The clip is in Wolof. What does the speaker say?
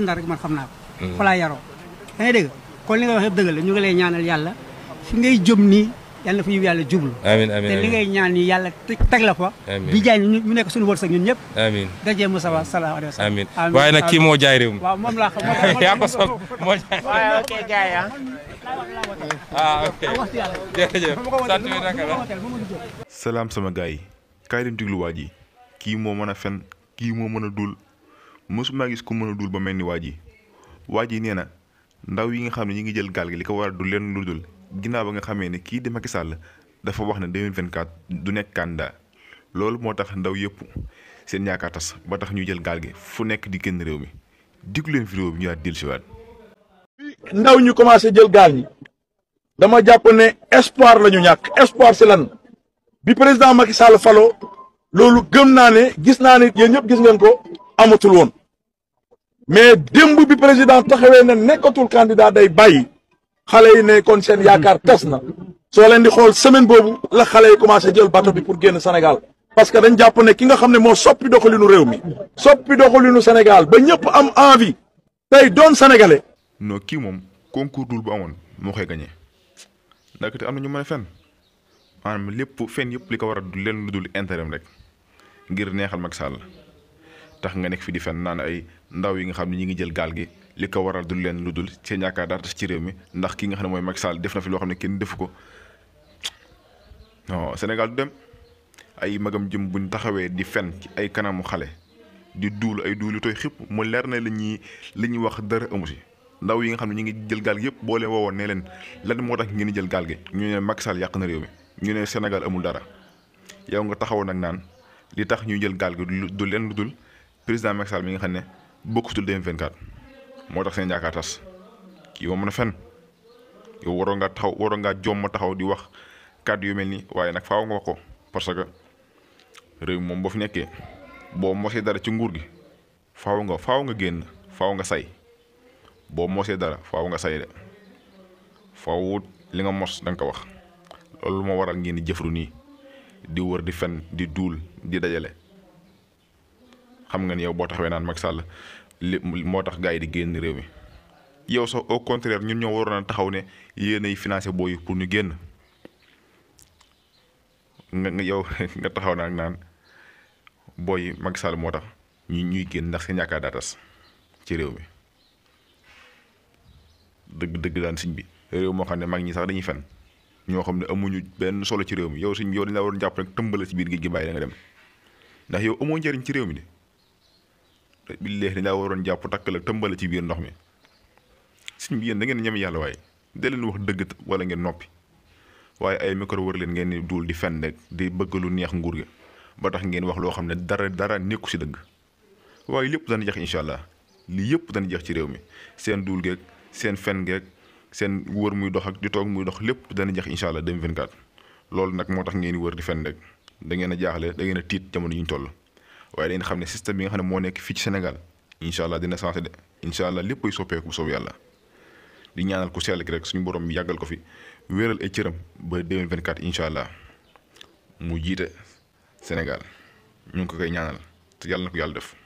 Ndar rek man xam naa ko. Mm. fa laa yaroo da ngay dégg kon li nga wax yëpp dëgg ñu ngi lay ñaanal yàlla fi ngay jëm nii yàlla na fa yàlla jublu. amiin te li ngay ñaan yàlla teg la fa. amiin bi jaay ñu nekk suñu wërsëg ñun ñëpp. amiin dajee Moussa wa salaahu waaye nag kii moo jaay réew mi. waaw moom laa xam moo jaay. waaw salaam sama gars yi kaay dem déglu kii moo mën a fen kii moo mën a dul mësuma gis ku mën a dul ba mel ni waa ji waa ji nee na ndaw yi nga xam ne ñi ngi jël gaal gi li ko war a dul leen lu dul ginnaaw ba nga xamee ne kii di Macky Sall dafa wax ne 2024 du nekk candidat loolu moo tax ndaw yëpp seen yaakaar tas ba tax ñu jël gaal gi fu nekk di génn réew mi diglu leen vidéo bi ñu daal di dellusiwaat. ndaw ñu commencé jël gaal ñi dama jàpp ne espoir la ñu ñàkk espoir si lan bi président Macky Sall falo loolu gëm naa ne gis naa ne yéen ñëpp gis ngeen ko amatul woon mais démb bi président taxawee ne nekkatul candidat day bàyyi xale yi ne kon seen yaakaar tas na soo leen di xool semaine boobu la xale yi commencé jël bato bi pour génn Sénégal parce que dañ jàpp ne ki nga xam ne moo soppi doxalinu réew mi soppi doxalinu senegal ba ñëpp am envi tey doon sénégalais. non kii moom concours dul bu amoon moo koy gagné ndaxte am na ñu mën a fenn maanaam lépp fenn yëpp li ko war a leen lu dul intérêt rek ngir neexal Macky Sall tax nga nekk fi di fen naan ay ndaw yi nga xam ne ñi ngi jël gaal gi li ko waral dul leen lu dul seen yaakaar daal ci réew mi ndax ki nga xam ne mooy Macky Sall def na fi loo xam ne kenn defu ko non du dem ay magam jëm buñ taxawee di fen ci ay kanamu xale di duul ay duul yu tooy xib mu leer na li ñuy li ñuy wax dara amu si ndaw yi nga xam ne ñi ngi jël gaal yëpp boo leen woowoon leen lan moo tax ngeen di jël gaal gi ñu ne mag saal yàq na réew mi ñu ne Sénégal amul dara yow nga taxawoon nag naan li tax ñuy jël gaal gi du leen lu dul président Macky Sall mi nga xam ne bokkutul 2024 moo tax seen yaakaar tas kii moom na fen yow waroon ngaa taxaw waroon ngaa jomm taxaw di wax kàddu yu mel nii waaye nag faaw nga wax ko parce que réew moom boo fi nekkee boo mosee dara ci nguur gi faaw nga faaw nga génn faaw nga say boo mosee dara faaw nga say de faaw li nga mos danga ko wax loolu moo waral ngeen di jëfru nii di wër di fen di duul di dajale. xam nga ni yow boo taxawee naan mag Sall li moo tax gars yi di génn réew mi yow sax au contraire ñun ñoo waroon a taxaw ne yéen ay financé booyu pour ñu génn nga yow nga taxaw naan naan booy mag Sall moo tax ñu ñuy génn ndax seen yaakaar daa tas ci réew mi dëgg dëgg daan siñ bi réew moo xam ne mag ñi sax dañuy fen ñoo xam ne amuñu benn solo ci réew mi yow suñ yow dañ la war jàpp rek tëmbala ci biir géej gi bàyyi la nga dem ndax yow amoo njëriñ ci réew mi de billaahi dañ laa waroon jàpp takk la tëmbale ci biir ndox mi suñ bi yéen da ngeen ñeme yàlla waaye de leen wax dëgg wala ngeen noppi waaye ay micro wër leen ngeen di duul di fenn di bëgg lu neex nguur gi ba tax ngeen wax loo xam ne dara dara nekku si dëgg waaye lépp dana jeex incha allah lii yëpp dana jeex ci réew mi seen duul geeg seen fen geeg seen wër muy dox ak di toog muy dox lépp dana jeex incha allah 2024 loolu nag moo tax ngeen wër di fenn rek da ngeen a jaaxle da ngeen a jamono yi ñu toll. waaye dañu xam ne système bi nga xam ne moo nekk fii ci Sénégal incha allah dina changé de incha allah lépp ay soppeeku bu soob yàlla di ñaanal ku sell ki rek suñu borom yàggal ko fi wéeral ay cëram ba 2024 incha allah mu jiite Sénégal ñu ngi ko koy ñaanal te yàlla na ko yàlla def.